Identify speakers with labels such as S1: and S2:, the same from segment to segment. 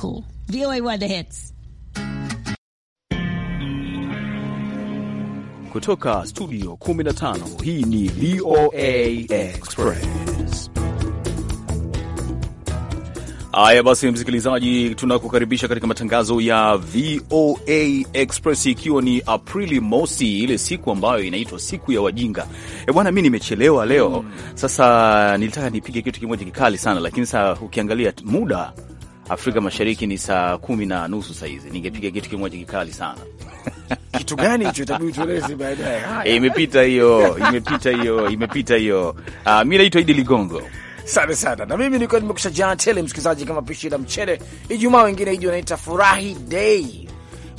S1: Cool.
S2: VOA the hits.
S1: Kutoka studio 15 hii ni VOA Express. Haya basi, msikilizaji, tunakukaribisha katika matangazo ya VOA Express, ikiwa ni Aprili mosi, ile siku ambayo inaitwa siku ya wajinga. E bwana, mi nimechelewa leo. Hmm. Sasa nilitaka nipige kitu kimoja kikali sana, lakini saa ukiangalia muda Afrika Mashariki ni saa kumi na nusu sahizi, ningepiga kitu kimoja kikali sana. Kitu gani hicho?
S3: Itabidi tueleze baadaye. Eh, imepita hiyo, imepita
S1: hiyo, imepita hiyo. Uh, mi naitwa Idi Ligongo.
S3: Asante sana. Na mimi nilikuwa nimekusha jana tele, msikilizaji, kama pishi la mchele. Ijumaa wengine hiji wanaita furahi dei,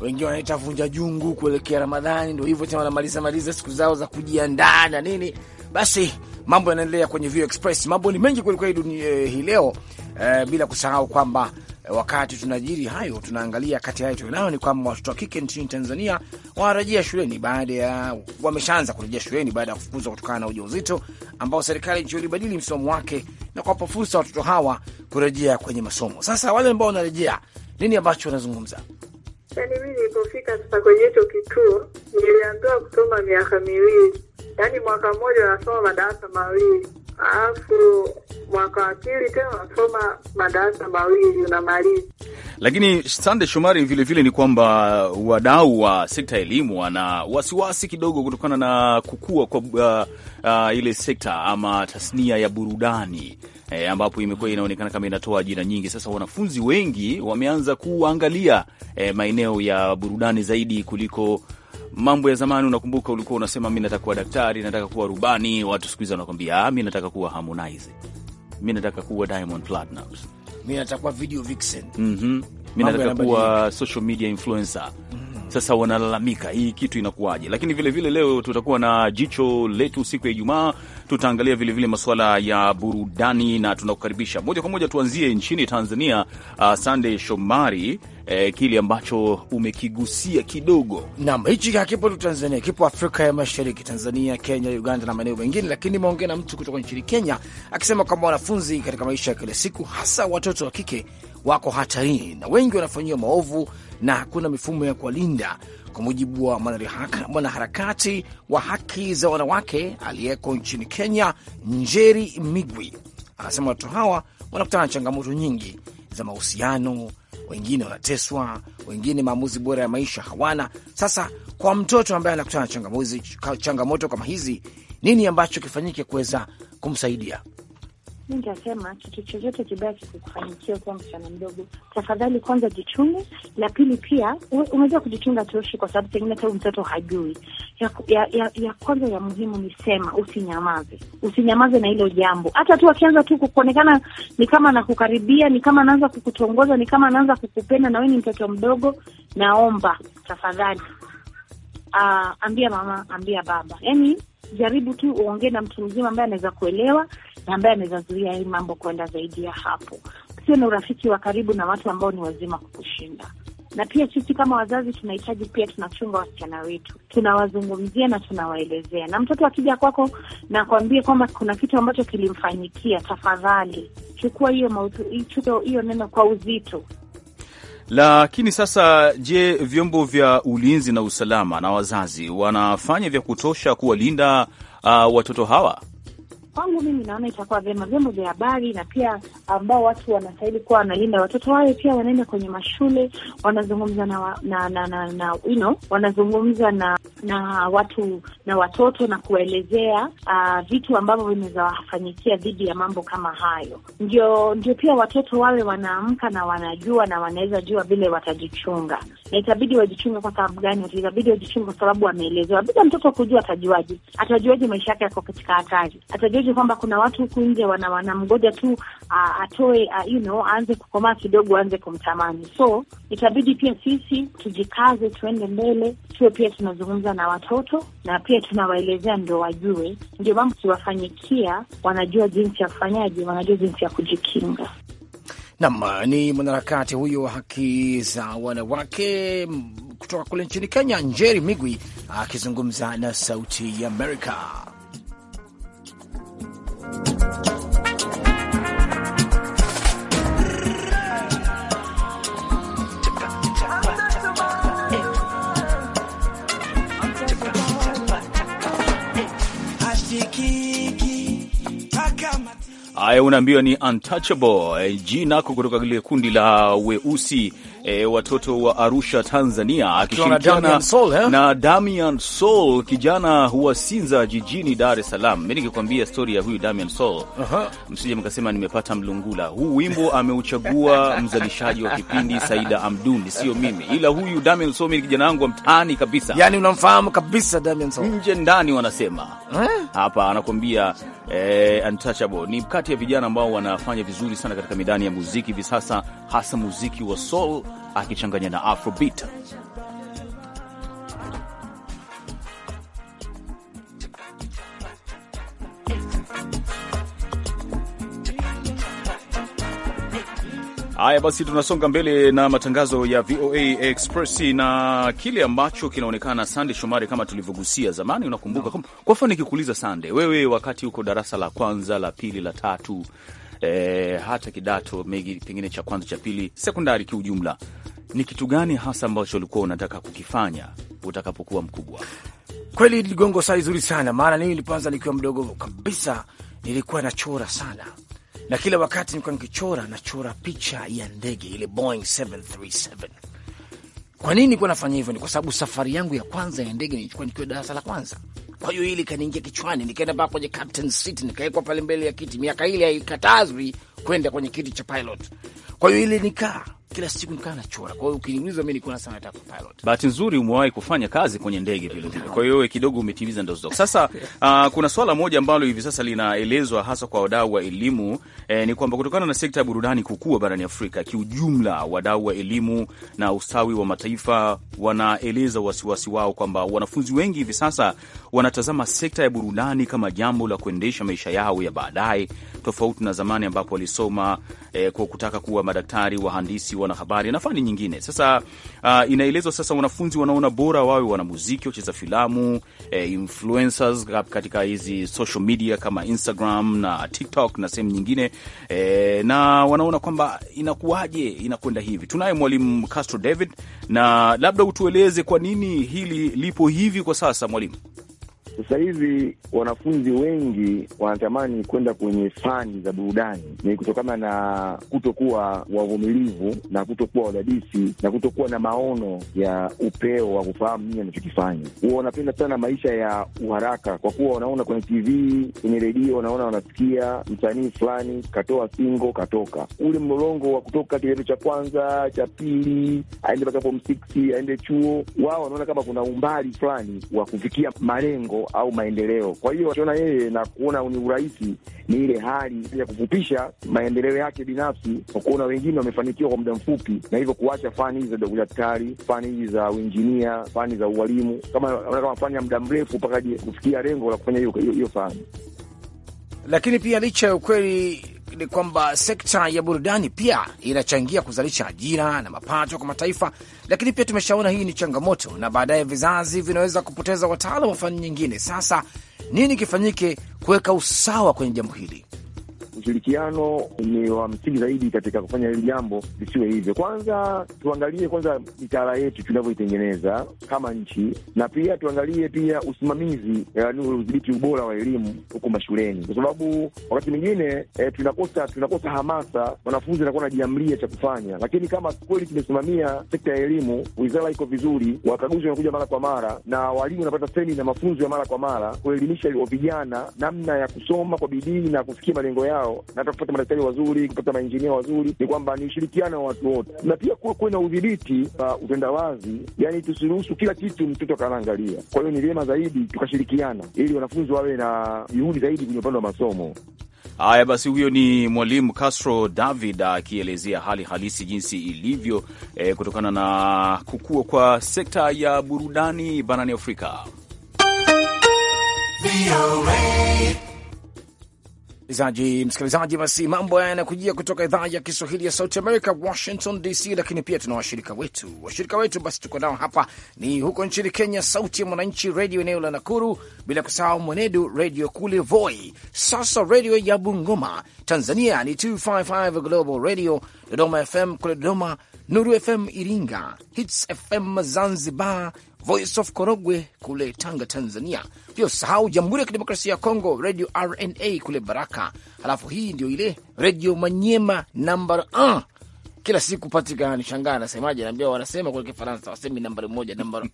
S3: wengine wanaita vunja jungu kuelekea Ramadhani, ndo hivyo tena, wanamaliza maliza siku zao za kujiandaa na nini, basi mambo yanaendelea kwenye Vio Express. Mambo ni mengi kwelikweli dunia eh, hii leo eh, bila kusahau kwamba eh, wakati tunajiri hayo, tunaangalia kati hayo tunayo ni kwamba watoto wa kike nchini Tanzania wanarejea shuleni baada ya wameshaanza kurejea shuleni baada ya kufukuzwa kutokana na ujauzito ambao serikali ndio ilibadili msimamo wake na kuwapa fursa watoto hawa kurejea kwenye masomo. Sasa wale ambao wanarejea, nini ambacho wanazungumza?
S2: Yaani mi nilipofika sasa kwenye hicho kituo niliambiwa kusoma miaka miwili, yaani mwaka mmoja unasoma madarasa mawili alafu mwaka wa pili tena unasoma madarasa mawili unamaliza.
S1: Lakini Sande Shomari, vilevile ni kwamba wadau wa sekta ya elimu wana wasiwasi kidogo kutokana na kukua kwa uh, uh, ile sekta ama tasnia ya burudani e, ambapo imekuwa inaonekana kama inatoa ajira nyingi. Sasa wanafunzi wengi wameanza kuangalia e, maeneo ya burudani zaidi kuliko mambo ya zamani. Unakumbuka ulikuwa unasema mi nataka kuwa daktari, nataka kuwa rubani. Watu siku hizi wanakwambia ah, mi nataka kuwa Harmonize, mi nataka kuwa Diamond Platnumz,
S3: mi nataka kuwa video vixen,
S1: mm-hmm. mi nataka kuwa social media influencer. mm -hmm. Sasa wanalalamika hii kitu inakuwaje? Lakini vilevile vile leo tutakuwa na jicho letu siku ya Ijumaa tutaangalia vilevile masuala ya burudani na tunakukaribisha moja kwa moja. Tuanzie nchini Tanzania. Uh, Sande Shomari, eh, kile ambacho umekigusia kidogo.
S3: nam hichi hakipo tu Tanzania, kipo Afrika ya Mashariki, Tanzania, Kenya, Uganda na maeneo mengine, lakini nimeongea na mtu kutoka nchini Kenya akisema kwamba wanafunzi katika maisha ya kila siku, hasa watoto wa kike, wako hatarini na wengi wanafanyiwa maovu na hakuna mifumo ya kuwalinda. Kwa mujibu wa mwanaharakati wa haki za wanawake aliyeko nchini Kenya, Njeri Migwi, anasema watoto hawa wanakutana na changamoto nyingi za mahusiano, wengine wanateswa, wengine maamuzi bora ya maisha hawana. Sasa kwa mtoto ambaye anakutana na changamoto kama hizi, nini ambacho kifanyike kuweza kumsaidia?
S4: mi nitasema kitu chochote kibaya kikufanyikia kuwa msichana mdogo, tafadhali kwanza jichunge. La pili pia umeweza kujichunga toshi, kwa sababu pengine hata mtoto hajui. Ya, ya, ya, ya kwanza ya muhimu ni sema, usinyamaze, usinyamaze na hilo jambo. Hata tu akianza tu kuonekana ni kama nakukaribia ni kama anaanza kukutongoza, ni kama anaanza kukupenda, na wewe ni mtoto mdogo, naomba tafadhali, uh, ambia mama, ambia baba, yaani jaribu tu uongee na mtu mzima ambaye anaweza kuelewa na ambaye anaweza zuia hii mambo kwenda zaidi ya hapo. Sio na urafiki wa karibu na watu ambao ni wazima kukushinda. Na pia sisi kama wazazi tunahitaji pia, tunachunga wasichana wetu, tunawazungumzia na tunawaelezea. Na mtoto akija kwako na kuambia kwamba kuna kitu ambacho kilimfanyikia, tafadhali chukua hiyo hiyo neno kwa uzito.
S1: Lakini sasa, je, vyombo vya ulinzi na usalama na wazazi wanafanya vya kutosha kuwalinda uh, watoto hawa?
S4: Kwangu mimi naona itakuwa vyema vyombo vya habari na pia ambao watu wanastahili kuwa wanalinda watoto wao, pia wanaenda kwenye mashule, wanazungumza na na, na, na, na you know, wanazungumza na na watu na watoto na kuwaelezea uh, vitu ambavyo vinaweza wafanyikia dhidi ya mambo kama hayo. Ndio, ndio pia watoto wawe wanaamka na wanajua na wanaweza jua vile watajichunga, na itabidi wajichunge kwa sababu gani? Itabidi wajichunge kwa sababu wameelezewa. Bila mtoto kujua, atajuaje? Atajuaje maisha yake yako katika hatari? Atajuaje kwamba kuna watu huku nje wana wanamgoja tu uh, atoe uh, you know, aanze kukomaa kidogo, aanze kumtamani. So itabidi pia sisi tujikaze, tuende mbele, tuwe pia tunazungumza na watoto na pia tunawaelezea, ndo wajue. Ndio mambo kiwafanyikia, wanajua jinsi ya kufanyaji wanajua jinsi ya kujikinga.
S3: Nam uh, ni mwanaharakati huyo wa haki za wanawake mm, kutoka kule nchini Kenya, Njeri Migwi akizungumza na Sauti ya Amerika.
S1: Haya, unaambiwa ni untouchable, eh, jina kutoka lile kundi la weusi e, watoto wa Arusha, Tanzania, akishirikiana eh? na Damian Soul, kijana huwa Sinza jijini Dar es Salaam. Mi nikikwambia stori ya huyu Damian Soul, msije mkasema nimepata mlungula. Huu wimbo ameuchagua mzalishaji wa kipindi Saida Amdun, sio mimi, ila huyu Damian Soul mi kijana wangu wa mtaani kabisa, yani
S3: unamfahamu kabisa Damian Soul,
S1: nje ndani wanasema eh? hapa, anakuambia eh, untouchable. Ni kati ya vijana ambao wanafanya vizuri sana katika midani ya muziki hivi sasa, hasa muziki wa soul akichanganya na Afrobeat. Haya basi, tunasonga mbele na matangazo ya VOA Express na kile ambacho kinaonekana. Sande Shomari, kama tulivyogusia zamani, unakumbuka no. Kwa mfano nikikuuliza Sande, wewe wakati uko darasa la kwanza, la pili, la tatu eh, hata kidato megi, pengine cha kwanza cha pili sekondari, kiujumla, ni kitu gani hasa ambacho ulikuwa unataka kukifanya utakapokuwa mkubwa? Kweli Ligongo, saa nzuri sana maana nii nilipoanza nikiwa mdogo kabisa nilikuwa nachora
S3: sana na kila wakati nilikuwa nikichora, nachora picha ya ndege ile Boeing 737. Kwa nini kuwa nafanya hivyo? Ni kwa sababu safari yangu ya kwanza ya ndege nilichukua nikiwa darasa la kwanza kwa hiyo hili kaniingia kichwani, nikaenda mpaka kwenye captain seat, nikawekwa pale mbele ya kiti. Miaka ile haikatazwi kwenda kwenye kiti cha pilot, kwa hiyo ile nikaa kila siku nikaa nachora. Kwa hiyo ukiniuliza mimi nilikuwa sana nataka pilot.
S1: Bahati nzuri umewahi kufanya kazi kwenye ndege vile vile, kwa hiyo wewe kidogo umetimiza ndoto zako. Sasa uh, kuna swala moja ambalo hivi sasa linaelezwa hasa kwa wadau wa elimu eh, ni kwamba kutokana na sekta ya burudani kukua barani Afrika kiujumla, wadau wa elimu na ustawi wa mataifa wanaeleza wasiwasi wao kwamba wanafunzi wengi hivi sasa wanatazama sekta ya burudani kama jambo la kuendesha maisha yao ya baadaye, tofauti na zamani ambapo walisoma eh, kwa kutaka kuwa madaktari, wahandisi wanahabari na fani nyingine. Sasa uh, inaelezwa sasa wanafunzi wanaona bora wawe wanamuziki, wacheza filamu, eh, influencers katika hizi social media kama Instagram na TikTok na sehemu nyingine eh, na wanaona kwamba inakuwaje inakwenda hivi. Tunaye mwalimu Castro David, na labda utueleze kwa nini hili lipo hivi kwa sasa mwalimu.
S5: Sasa hivi wanafunzi wengi wanatamani kwenda kwenye fani za burudani, ni kutokana na kutokuwa wavumilivu na kutokuwa wadadisi na kutokuwa na maono ya upeo wa kufahamu nini anachokifanya. Huwa wanapenda sana maisha ya uharaka, kwa kuwa wanaona kwenye TV, kwenye redio, wanaona wanasikia msanii fulani katoa singo, katoka ule mlolongo wa kutoka kidato cha kwanza cha pili, aende mpaka form six, aende chuo. Wao wanaona kama kuna umbali fulani wa kufikia malengo au maendeleo. Kwa hiyo akiona yeye na kuona ni urahisi, ni ile hali ya kufupisha maendeleo yake binafsi kwa kuona wengine wamefanikiwa kwa muda mfupi, na hivyo kuacha fani hizi za udaktari, fani hizi za uinjinia, fani za ualimu, kama kama fani ya muda mrefu mpaka kufikia lengo la kufanya hiyo hiyo fani.
S3: Lakini pia licha ya ukweli ni kwamba sekta ya burudani pia inachangia kuzalisha ajira na mapato kwa mataifa, lakini pia tumeshaona hii ni changamoto, na baadaye vizazi vinaweza kupoteza wataalam wa fani nyingine. Sasa nini kifanyike kuweka usawa kwenye jambo hili?
S5: ushirikiano ni wa msingi zaidi katika kufanya hili jambo lisiwe hivyo. Kwanza tuangalie kwanza mitaala yetu tunavyoitengeneza kama nchi, na pia tuangalie pia usimamizi, yaani udhibiti ubora wa elimu huko mashuleni, kwa sababu wakati mwingine e, tunakosa tunakosa hamasa, wanafunzi anakuwa najiamlia cha kufanya. Lakini kama kweli tumesimamia sekta ya elimu, wizara iko vizuri, wakaguzi wanakuja mara kwa mara na walimu wanapata semina na mafunzo ya mara kwa mara kuelimisha vijana namna ya kusoma kwa bidii na kufikia malengo yao nataka natafuta madaktari wazuri, kupata mainjinia wazuri, ni kwamba ni ushirikiano wa watu wote, na pia kuwe na udhibiti wa uh, utendawazi, yani tusiruhusu kila kitu mtoto akaangalia. Kwa hiyo ni vyema zaidi tukashirikiana, ili wanafunzi wawe na juhudi zaidi kwenye upande wa masomo.
S1: Haya basi, huyo ni mwalimu Castro David akielezea hali halisi jinsi ilivyo, e, kutokana na kukua kwa sekta ya burudani barani Afrika msikilizaji
S3: msikilizaji, basi mambo haya yanakujia kutoka idhaa ya Kiswahili ya Sauti Amerika, Washington DC. Lakini pia tuna washirika wetu, washirika wetu basi tuko nao hapa ni huko nchini Kenya, Sauti ya Mwananchi redio eneo la Nakuru, bila kusahau Mwenedu redio kule Voi, sasa redio ya Bungoma. Tanzania ni 255 Global Radio, Dodoma FM kule Dodoma, Nuru FM Iringa, Hits FM Zanzibar, Voice of Korogwe kule Tanga, Tanzania. Pia usahau Jamhuri ya Kidemokrasia ya Kongo, Radio RNA kule Baraka. alafu hii ndio ile Radio Manyema namba kila siku Patrick ananishangaa, anasemaje? Naambia wanasema kule Kifaransa wasemi nambari moja, nambari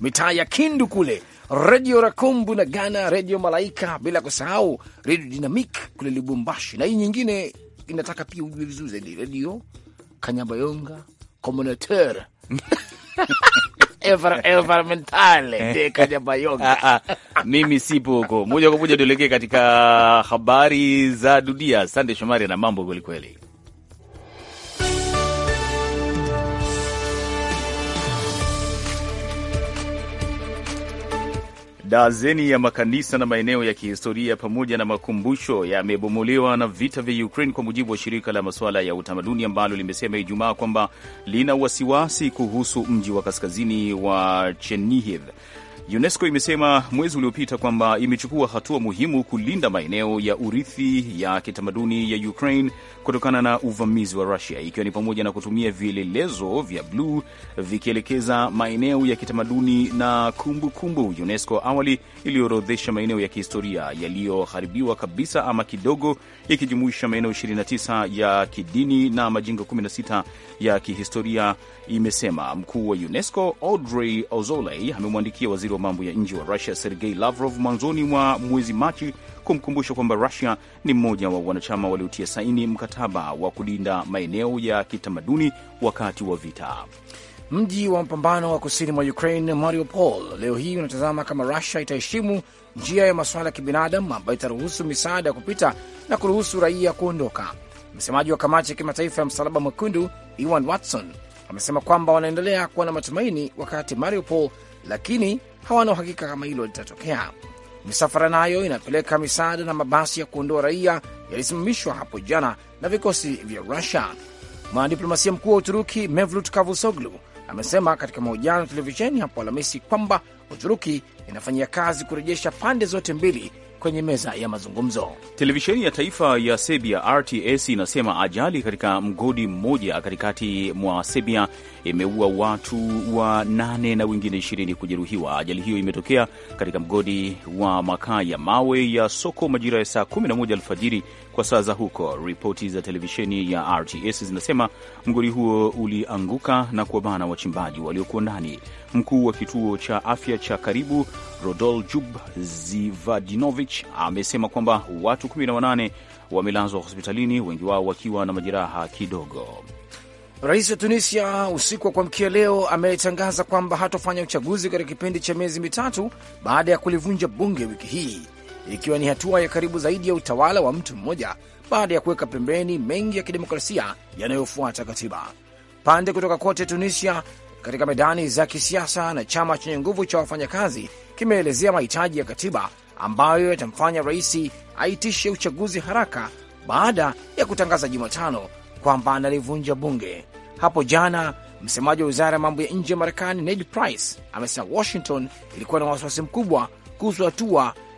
S3: mitaa ya Kindu kule Redio Rakumbu na Ghana Redio Malaika, bila kusahau Redio Dinamik kule Lubumbashi, na hii nyingine inataka pia ujue vizuri zaidi Redio Kanyabayonga Communautaire
S1: Eh. Ah, ah. mimi sipo huko. Moja kwa moja tuelekee katika habari za dunia. Sande Shomari na mambo kwelikweli. Dazeni ya makanisa na maeneo ya kihistoria pamoja na makumbusho yamebomolewa na vita vya Ukraine, kwa mujibu wa shirika la masuala ya utamaduni ambalo limesema Ijumaa kwamba lina wasiwasi kuhusu mji wa kaskazini wa Chernihiv UNESCO imesema mwezi uliopita kwamba imechukua hatua muhimu kulinda maeneo ya urithi ya kitamaduni ya Ukraine kutokana na uvamizi wa Rusia, ikiwa ni pamoja na kutumia vielelezo vya bluu vikielekeza maeneo ya kitamaduni na kumbukumbu kumbu. UNESCO awali iliyoorodhesha maeneo ya kihistoria yaliyoharibiwa kabisa ama kidogo, ikijumuisha maeneo 29 ya kidini na majengo 16 ya kihistoria, imesema mkuu wa UNESCO Audrey Azoulay amemwandikia waziri wa mambo ya nje wa Rusia Sergei Lavrov mwanzoni mwa mwezi Machi kumkumbusha kwamba Rusia ni mmoja wa wanachama waliotia saini mkataba wa kulinda maeneo ya kitamaduni wakati wa vita.
S3: Mji wa mapambano wa kusini mwa Ukraine, Mariupol, leo hii unatazama kama Rusia itaheshimu njia ya masuala ya kibinadamu ambayo itaruhusu misaada ya kupita na kuruhusu raia kuondoka. Msemaji wa kamati ya kimataifa ya Msalaba Mwekundu Iwan Watson amesema kwamba wanaendelea kuwa na matumaini wakati Mariupol, lakini hawana uhakika kama hilo litatokea. Misafara nayo inapeleka misaada na mabasi ya kuondoa raia yalisimamishwa hapo jana na vikosi vya Rusia. Mwanadiplomasia mkuu wa Uturuki Mevlut Cavusoglu amesema katika mahojiano ya televisheni hapo Alhamisi kwamba Uturuki inafanyia kazi kurejesha pande zote mbili kwenye meza ya
S1: mazungumzo. Televisheni ya taifa ya Serbia RTS inasema ajali katika mgodi mmoja katikati mwa Serbia imeua watu wa nane na wengine ishirini kujeruhiwa. Ajali hiyo imetokea katika mgodi wa makaa ya mawe ya soko majira ya saa 11 alfajiri kwa saa za huko. Ripoti za televisheni ya RTS zinasema mgodi huo ulianguka na kuwabana wachimbaji waliokuwa ndani. Mkuu wa kituo cha afya cha karibu Rodol Jub Zivadinovich amesema kwamba watu 18 wamelazwa hospitalini, wengi wao wakiwa na majeraha kidogo.
S3: Rais wa Tunisia usiku wa kuamkia leo ametangaza kwamba hatofanya uchaguzi katika kipindi cha miezi mitatu baada ya kulivunja bunge wiki hii ikiwa ni hatua ya karibu zaidi ya utawala wa mtu mmoja baada ya kuweka pembeni mengi ya kidemokrasia yanayofuata katiba. Pande kutoka kote Tunisia katika medani za kisiasa na chama chenye nguvu cha wafanyakazi kimeelezea mahitaji ya katiba ambayo yatamfanya rais aitishe uchaguzi haraka baada ya kutangaza Jumatano kwamba analivunja bunge. Hapo jana, msemaji wa wizara ya mambo ya nje ya Marekani Ned Price amesema Washington ilikuwa na wasiwasi mkubwa kuhusu hatua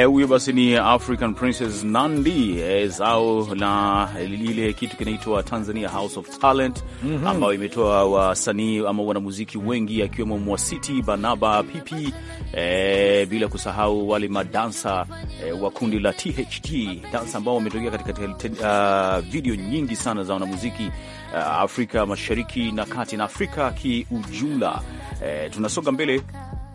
S1: Haya, huyo basi ni African Princess Nandi eh, zao na lile kitu kinaitwa Tanzania House of Talent mm -hmm. ambayo imetoa wasanii ama wanamuziki wengi akiwemo Mwasiti, Banaba, Pipi e, eh, bila kusahau wale madansa e, wa kundi la THT dansa ambao wametokea katika uh, video nyingi sana za wanamuziki uh, Afrika Mashariki na Kati na Afrika kiujumla. E, tunasonga mbele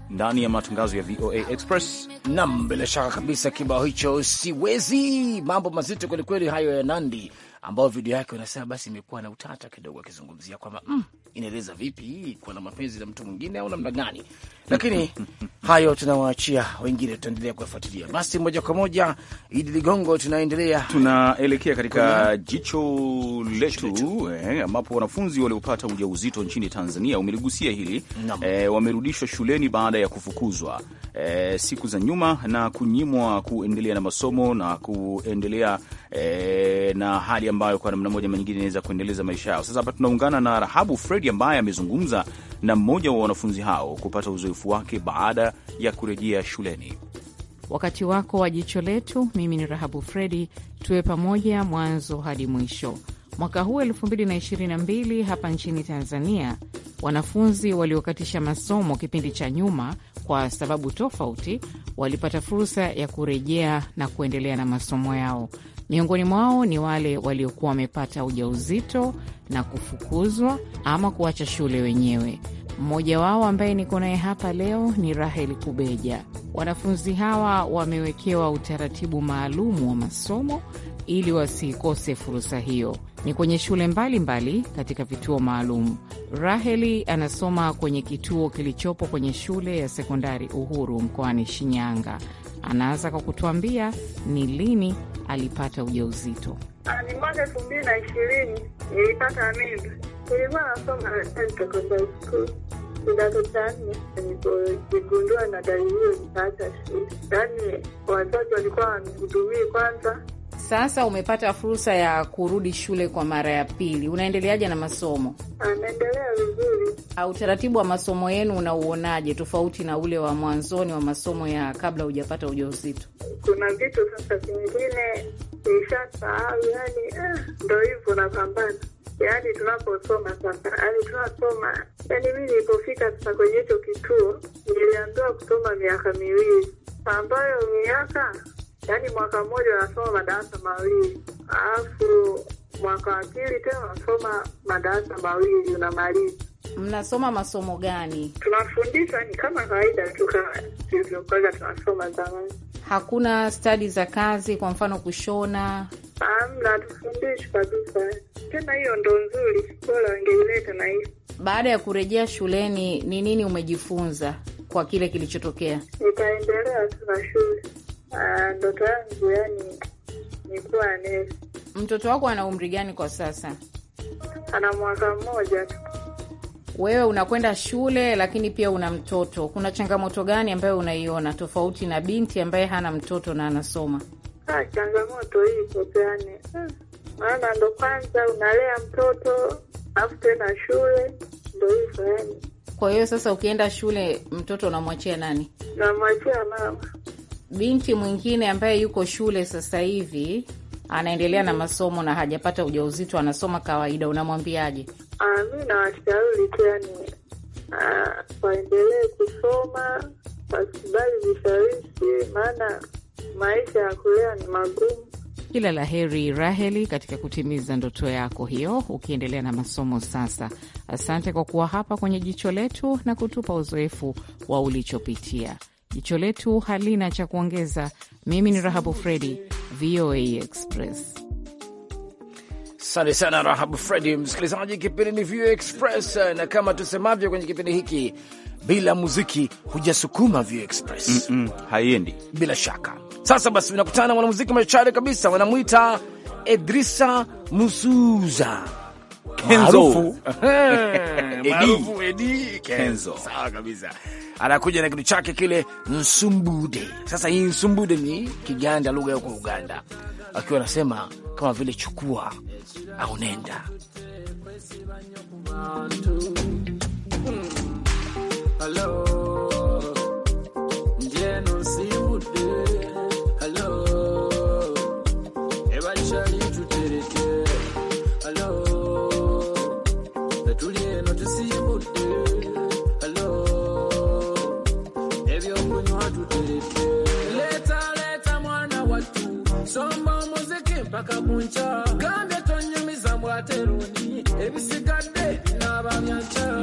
S1: ndani ya matangazo ya VOA Express. Nam, bila shaka kabisa,
S3: kibao hicho siwezi, mambo mazito kwelikweli hayo ya Nandi ambao video yake unasema basi imekuwa na utata kidogo, akizungumzia kwamba mm, inaeleza vipi hii kuwa na mapenzi na mtu mwingine
S1: au namna gani?
S3: Lakini hayo tunawaachia wengine, tutaendelea kuyafuatilia. Basi moja kwa moja, Idi Ligongo, tunaendelea
S1: tunaelekea katika kuna... jicho letu eh, ambapo eh, wanafunzi waliopata ujauzito nchini Tanzania umeligusia hili eh, wamerudishwa shuleni baada ya kufukuzwa eh, siku za nyuma na kunyimwa kuendelea na masomo na kuendelea eh, na hali ambayo kwa namna moja manyingine inaweza kuendeleza maisha yao. Sasa hapa tunaungana na Rahabu Fredi ambaye amezungumza na mmoja wa wanafunzi hao kupata uzoefu wake baada ya kurejea shuleni.
S6: Wakati wako wa jicho letu, mimi ni Rahabu Fredi, tuwe pamoja mwanzo hadi mwisho. Mwaka huu mbili hapa nchini Tanzania, wanafunzi waliokatisha masomo kipindi cha nyuma kwa sababu tofauti walipata fursa ya kurejea na kuendelea na masomo yao. Miongoni mwao ni wale waliokuwa wamepata ujauzito na kufukuzwa ama kuacha shule wenyewe. Mmoja wao ambaye niko naye hapa leo ni Rahel Kubeja. Wanafunzi hawa wamewekewa utaratibu maalum wa masomo ili wasikose fursa hiyo. Ni kwenye shule mbalimbali mbali katika vituo maalum. Raheli anasoma kwenye kituo kilichopo kwenye shule ya sekondari Uhuru mkoani Shinyanga. Anaanza kwa kutuambia ni lini alipata ujauzito.
S2: Ni mwaka elfu mbili na ishirini nilipata mimba. Nilikuwa nasoma kidato cha nne nilipojigundua na dalili hiyo, nipaacha shule, yaani wazazi walikuwa wanihudumii kwanza
S6: sasa umepata fursa ya kurudi shule kwa mara ya pili, unaendeleaje na masomo? Anaendelea ah, vizuri. Ah, utaratibu wa masomo yenu unauonaje, tofauti na ule wa mwanzoni wa masomo ya kabla hujapata ujauzito?
S2: Kuna vitu sasa vingine nishasahau, yani eh, ah, ndo hivyo napambana yaani tunaposoma sasa, yaani tunasoma, yaani mi nilipofika sasa kwenye hicho kituo niliambiwa kusoma miaka miwili, ambayo miaka yaani mwaka mmoja unasoma madarasa mawili alafu mwaka wa pili
S6: tena unasoma madarasa mawili unamaliza. Mnasoma masomo gani?
S2: Tunafundisha ni kama kawaida tu kama tulivyokuwa tunasoma zamani.
S6: Hakuna stadi za kazi, kwa mfano kushona?
S2: Amna, hatufundishi kabisa. Tena hiyo ndo nzuri, bora wangeileta na hii.
S6: Baada ya kurejea shuleni, ni nini umejifunza kwa kile kilichotokea?
S2: Nitaendelea tu na shule. Ah, ndoto yangu yani ni kuwa nesi.
S6: Mtoto wako ana umri gani kwa sasa?
S2: Ana mwaka mmoja tu.
S6: Wewe unakwenda shule lakini pia una mtoto. Kuna changamoto gani ambayo unaiona tofauti na binti ambaye hana mtoto na anasoma?
S2: Ha, ah, changamoto hizo yani, ah, maana ndo kwanza unalea mtoto afu tena shule, ndo hivyo yani.
S6: Kwa hiyo sasa ukienda shule mtoto unamwachia nani?
S2: Namwachia mama
S6: binti mwingine ambaye yuko shule sasa hivi anaendelea na masomo na hajapata ujauzito, anasoma kawaida, unamwambiaje?
S2: Uh, ah, mi nawashauri tu yani ah, waendelee kusoma, wasibali vishawishi, maana maisha ya kulea ni magumu.
S6: Kila la heri Raheli, katika kutimiza ndoto yako hiyo, ukiendelea na masomo sasa. Asante kwa kuwa hapa kwenye jicho letu na kutupa uzoefu wa ulichopitia. Jicho letu halina cha kuongeza. Mimi ni Rahabu Fredi, VOA Express.
S3: Asante sana Rahabu Fredi. Msikilizaji, kipindi ni VOA Express, na kama tusemavyo kwenye kipindi hiki, bila muziki hujasukuma VOA Express.
S1: Mm -mm, haiendi
S3: bila shaka. Sasa basi, unakutana mwanamuziki machare kabisa, wanamwita Edrisa Musuza
S7: Kenzo maarufu Edi Kenzo, sawa
S3: kabisa. Anakuja na kitu chake kile nsumbude. Sasa hii nsumbude ni Kiganda, lugha ya Uganda, akiwa anasema kama vile chukua au nenda hmm. paka kunca gambye tonyumiza
S7: mbwateruni ebisigadde binaaba byanca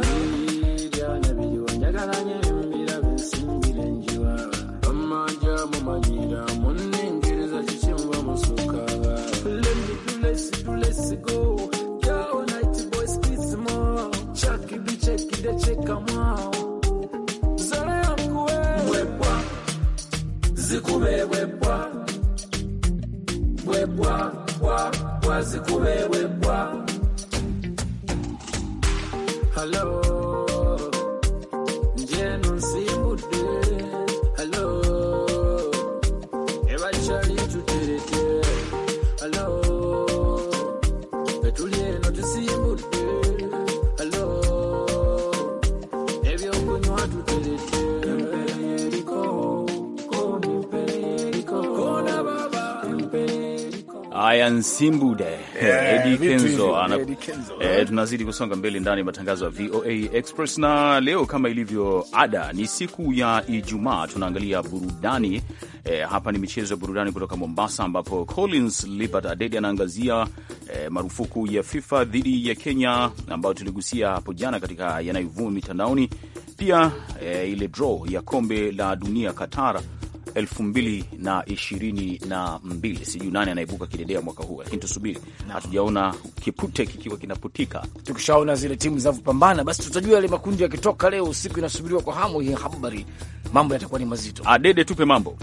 S1: Simbude yeah, Edi Kenzo, ana...
S2: Kenzo eh,
S1: tunazidi kusonga mbele ndani ya matangazo ya VOA Express, na leo kama ilivyo ada ni siku ya Ijumaa, tunaangalia burudani eh, hapa ni michezo ya burudani kutoka Mombasa, ambapo Collins Libert Adede anaangazia eh, marufuku ya FIFA dhidi ya Kenya ambayo tuligusia hapo jana katika yanayovuma mitandaoni, pia eh, ile draw ya kombe la dunia Qatar elfu mbili na ishirini na mbili. Sijui nani anaibuka kidedea mwaka huu, lakini tusubiri, hatujaona kipute kikiwa kinaputika.
S3: Tukishaona zile timu zinavyopambana, basi tutajua yale makundi yakitoka. Leo usiku inasubiriwa kwa hamu hii habari, mambo yatakuwa ni mazito.
S1: Adede, tupe mambo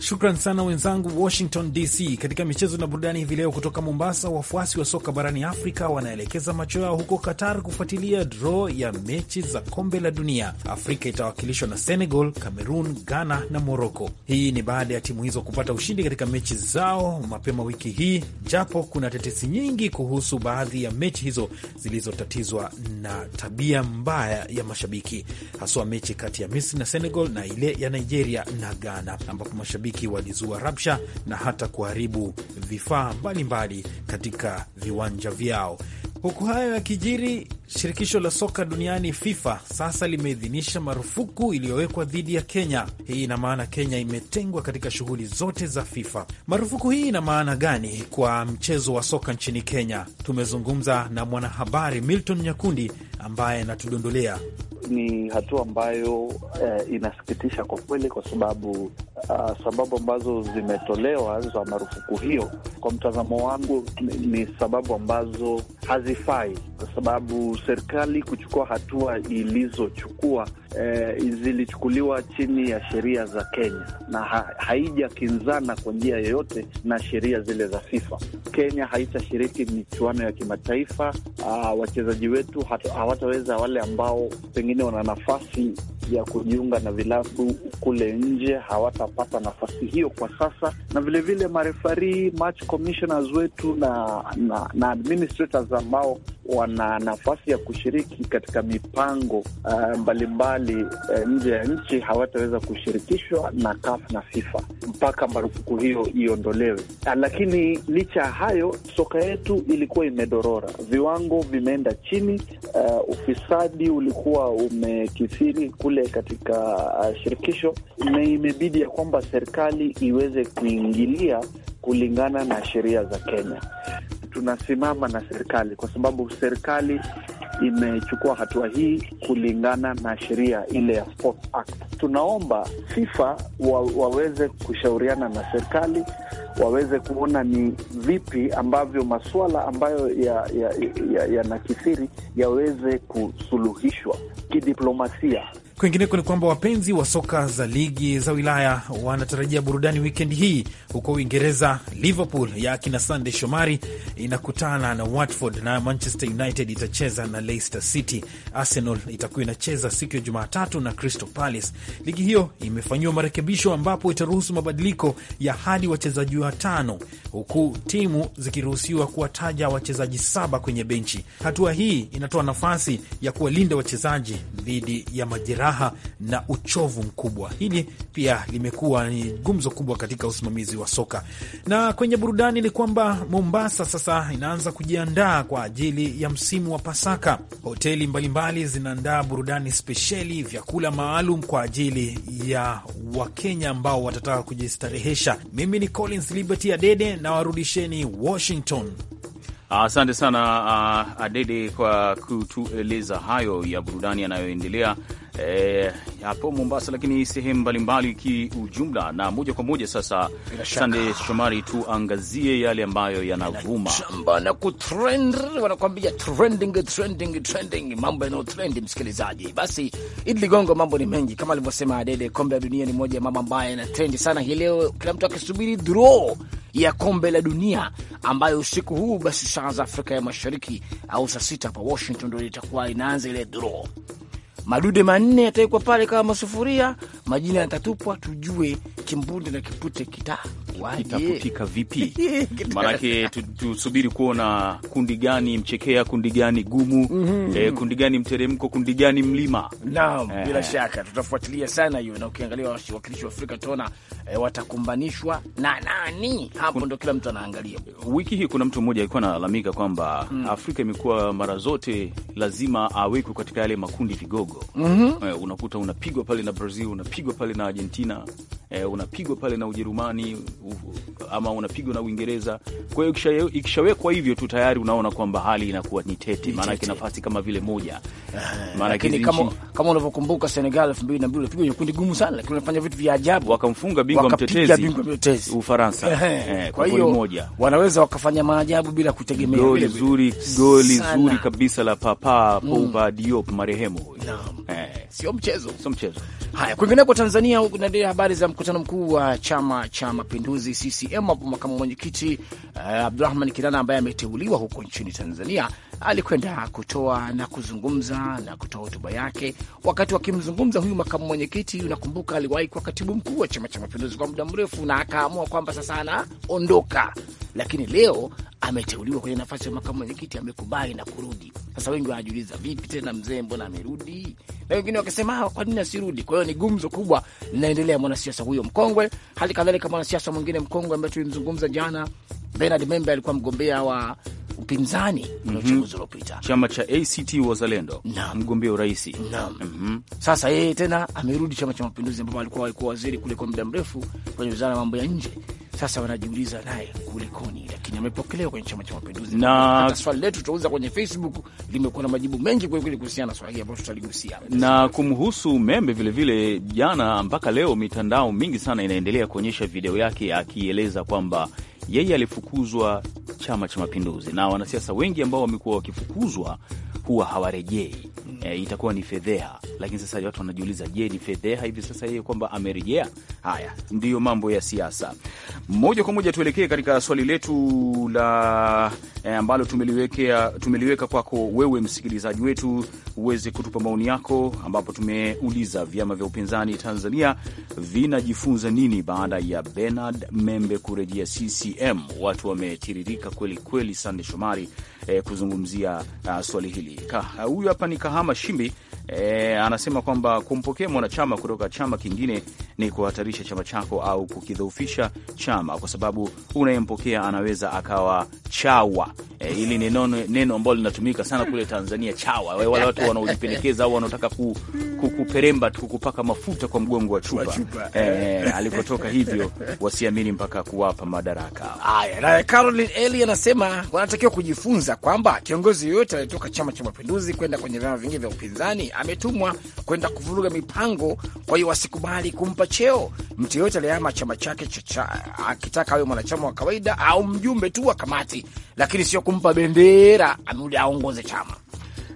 S7: Shukran sana wenzangu Washington DC. Katika michezo na burudani hivi leo, kutoka Mombasa, wafuasi wa soka barani Afrika wanaelekeza macho yao huko Qatar kufuatilia dro ya mechi za kombe la dunia. Afrika itawakilishwa na Senegal, Cameroon, Ghana na moroco Hii ni baada ya timu hizo kupata ushindi katika mechi zao mapema wiki hii, japo kuna tetesi nyingi kuhusu baadhi ya mechi hizo zilizotatizwa na tabia mbaya ya mashabiki, haswa mechi kati ya Misri na Senegal na ile ya Nigeria na Ghana ambapo mashabiki mashabiki walizua rabsha na hata kuharibu vifaa mbalimbali katika viwanja vyao. Huku hayo yakijiri, Shirikisho la soka duniani FIFA sasa limeidhinisha marufuku iliyowekwa dhidi ya Kenya. Hii ina maana Kenya imetengwa katika shughuli zote za FIFA. Marufuku hii ina maana gani kwa mchezo wa soka nchini Kenya? Tumezungumza na mwanahabari Milton Nyakundi ambaye anatudondolea.
S2: Ni
S8: hatua ambayo eh, inasikitisha kwa kweli, kwa sababu uh, sababu ambazo zimetolewa za marufuku hiyo, kwa mtazamo wangu, ni sababu ambazo hazifai, kwa sababu serikali kuchukua hatua ilizochukua eh, zilichukuliwa chini ya sheria za Kenya na ha haijakinzana kwa njia yoyote na sheria zile za FIFA. Kenya haitashiriki michuano ya kimataifa. Ah, wachezaji wetu hawataweza, wale ambao pengine wana nafasi ya kujiunga na vilabu kule nje hawatapata nafasi hiyo kwa sasa, na vilevile marefari, match commissioners wetu na na, na administrators ambao wana nafasi ya kushiriki katika mipango uh, mbalimbali uh, nje ya nchi hawataweza kushirikishwa na CAF na FIFA mpaka marufuku hiyo iondolewe. Uh, lakini licha ya hayo, soka yetu ilikuwa imedorora, viwango vimeenda chini. Uh, ufisadi ulikuwa umekithiri kule katika uh, shirikisho, na imebidi ya kwamba serikali iweze kuingilia kulingana na sheria za Kenya tunasimama na serikali, kwa sababu serikali imechukua hatua hii kulingana na sheria ile ya Sports Act. Tunaomba FIFA wa, waweze kushauriana na serikali waweze kuona ni vipi ambavyo masuala ambayo yanakithiri ya, ya, ya yaweze kusuluhishwa kidiplomasia
S7: Kwingineko ni kwamba wapenzi wa soka za ligi za wilaya wanatarajia burudani wikendi hii huko Uingereza. Liverpool ya akina Sande Shomari inakutana na Watford na Manchester United itacheza na Leicester City. Arsenal itakuwa inacheza siku ya Jumatatu na Crystal Palace. Ligi hiyo imefanyiwa marekebisho ambapo itaruhusu mabadiliko ya hadi wachezaji watano, huku timu zikiruhusiwa kuwataja wachezaji saba kwenye benchi. Hatua hii inatoa nafasi ya kuwalinda wachezaji dhidi ya majeraha majeraha na uchovu mkubwa. Hili pia limekuwa ni gumzo kubwa katika usimamizi wa soka. Na kwenye burudani ni kwamba Mombasa sasa inaanza kujiandaa kwa ajili ya msimu wa Pasaka. Hoteli mbalimbali zinaandaa burudani spesheli, vyakula maalum kwa ajili ya Wakenya ambao watataka kujistarehesha. Mimi ni Collins Liberty Adede na warudisheni Washington.
S1: Asante sana uh, Adede kwa kutueleza hayo ya burudani yanayoendelea eh, hapo Mombasa, lakini sehemu mbalimbali kiujumla. Na moja kwa moja sasa, Sande Shomari, tuangazie yale ambayo yanavuma na kutrend,
S3: wanakuambia trending, trending, trending, mambo yanayo Msikilizaji, basi Idi Ligongo, mambo ni mengi kama alivyosema Adede. Kombe la dunia ni moja ya mambo ambayo yana sana hii leo, kila mtu akisubiri draw ya kombe la dunia ambayo usiku huu basi saa za Afrika ya Mashariki au saa sita hapa Washington ndo itakuwa inaanza ile draw madude manne yatawekwa pale kama masufuria, majina yatatupwa, tujue kimbunde na kipute kita kitaputika
S1: vipi? Maanake tusubiri kuona kundi gani mchekea, kundi gani gumu, mm -hmm. eh, kundi gani mteremko, kundi gani mlima.
S3: Naam, eh. Bila shaka tutafuatilia sana hiyo, na ukiangalia wawakilishi wa Afrika tutaona eh, watakumbanishwa na nani hapo Kun... ndo kila mtu anaangalia.
S1: Wiki hii kuna mtu mmoja alikuwa analalamika kwamba mm. Afrika imekuwa mara zote lazima awekwe katika yale makundi vigogo kidogo mm -hmm. E, unakuta unapigwa pale na Brazil, unapigwa pale na Argentina e, unapigwa pale na Ujerumani ama unapigwa na Uingereza. Kwa hiyo ikishawekwa hivyo tu tayari unaona kwamba hali inakuwa ni tete, maanake nafasi kama vile moja
S3: eh, lakini kama,
S1: kama unavyokumbuka
S3: Senegal elfu mbili na mbili ulipigwa kundi gumu sana, lakini unafanya vitu vya ajabu, wakamfunga
S1: bingwa mtetezi Ufaransa kwa hiyo moja
S3: wanaweza wakafanya maajabu bila kutegemea. Goli zuri,
S1: goli zuri kabisa la Papa mm. Diop marehemu Eh, sio mchezo, sio mchezo.
S3: Haya, kwingineko Tanzania kunaendelea habari za mkutano mkuu wa Chama cha Mapinduzi CCM, ambapo makamu mwenyekiti uh, Abdurahman Kinana ambaye ameteuliwa huko nchini Tanzania alikwenda kutoa na kuzungumza na kutoa hotuba yake. Wakati wakimzungumza huyu makamu mwenyekiti, unakumbuka aliwahi kuwa katibu mkuu wa Chama cha Mapinduzi kwa muda mrefu, na akaamua kwamba sasa anaondoka, lakini leo ameteuliwa kwenye nafasi ya makamu mwenyekiti, amekubali na kurudi. Sasa wengi wanajiuliza vipi tena mzee, mbona amerudi? Na wengine wakisema ah, kwa nini asirudi? Kwa hiyo ni gumzo kubwa linaendelea. Mwanasiasa huyo mkongwe, hali kadhalika mwanasiasa mwingine mkongwe ambaye tulimzungumza jana, Bernard Membe, alikuwa mgombea wa upinzani
S1: kwenye mhm. uchaguzi uliopita, chama cha ACT Wazalendo, mgombea urais. -hmm.
S3: sasa yeye tena amerudi Chama cha Mapinduzi, ambapo alikuwa alikuwa waziri kule kwa muda mrefu kwenye wizara ya mambo ya nje. Sasa wanajiuliza naye kulikoni, lakini amepokelewa kwenye Chama cha Mapinduzi na swali letu tutauza kwenye Facebook limekuwa na majibu mengi kwelikweli kuhusiana na swali hili ambalo tutaligusia
S1: na kumhusu Membe vilevile. Jana mpaka leo mitandao mingi sana inaendelea kuonyesha video yake akieleza kwamba yeye alifukuzwa Chama cha Mapinduzi, na wanasiasa wengi ambao wamekuwa wakifukuzwa huwa hawarejei e, itakuwa ni fedheha. Lakini sasa watu wanajiuliza, je, ni fedheha hivi sasa yeye kwamba amerejea? Haya ndiyo mambo ya siasa. Moja kwa moja tuelekee katika swali letu la e, ambalo tumeliwekea tumeliweka kwako wewe msikilizaji wetu uweze kutupa maoni yako, ambapo tumeuliza vyama vya upinzani Tanzania vinajifunza nini baada ya Bernard Membe kurejea CCM. Watu wametiririka kweli kweli, Sande Shomari, e, kuzungumzia a, ah, swali hili. Huyu hapa ni Kahama Chama Shimbi e, anasema kwamba kumpokea mwanachama kutoka chama kingine ni kuhatarisha chama chako au kukidhoofisha chama, kwa sababu unayempokea anaweza akawa chawa. E, hili ni neno ambalo linatumika sana kule Tanzania, chawa, wale watu wanaojipendekeza au wanaotaka ku, kukuperemba tu, mafuta kwa mgongo wa chupa, chupa. E, eh, alipotoka hivyo wasiamini mpaka kuwapa madaraka
S3: haya. Na Caroline Eli anasema wanatakiwa kujifunza kwamba kiongozi yoyote aliyetoka Chama cha Mapinduzi kwenda kwenye vyama vingine vya upinzani ametumwa kwenda kuvuruga mipango, kwa hiyo wasikubali kumpa cheo mtu yeyote aliyehama chama chake akitaka awe mwanachama wa kawaida au mjumbe tu wa kamati, lakini sio kumpa bendera
S1: aongoze chama.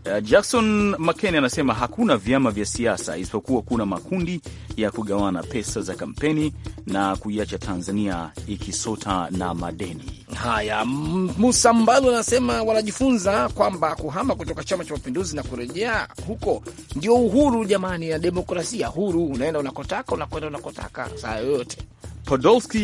S1: Eh, Jackson Mccain anasema hakuna vyama vya siasa isipokuwa kuna makundi ya kugawana pesa za kampeni na kuiacha Tanzania ikisota na madeni.
S3: Haya, Musa Mbalo anasema wanajifunza kwamba kuhama kutoka Chama cha Mapinduzi na kurejea huko ndio uhuru jamani, na demokrasia huru. Unaenda unakotaka, unakwenda unakotaka saa yoyote.
S8: Podolski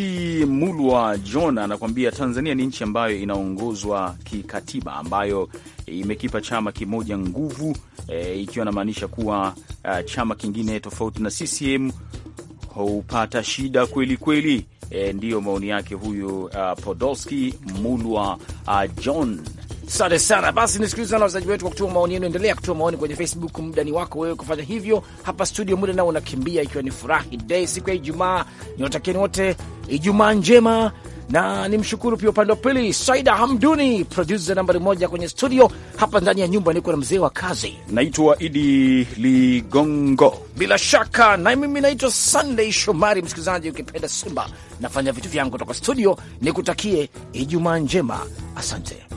S1: Mulwa John anakuambia Tanzania ni nchi ambayo inaongozwa kikatiba ambayo imekipa chama kimoja nguvu e, ikiwa inamaanisha kuwa a, e, chama kingine tofauti na CCM hupata shida kweli kweli. E, ndiyo maoni yake huyu e, Podolski Mulwa uh, e, John Asante
S3: sana. Basi nisikiliza sana wazaji wetu kwa kutuma maoni yenu. Endelea kutuma maoni kwenye Facebook, muda ni wako wewe kufanya hivyo. Hapa studio muda nao unakimbia, ikiwa ni furahi day, siku ya Ijumaa. Niwatakieni wote Ijumaa njema na nimshukuru pia upande wa pili Saida Hamduni, produsa nambari moja kwenye studio. Hapa ndani ya nyumba niko na mzee wa kazi,
S1: naitwa Idi Ligongo.
S3: Bila shaka na mimi naitwa Sunday Shomari. Msikilizaji, ukipenda Simba nafanya vitu vyangu kutoka studio, nikutakie Ijumaa njema, asante.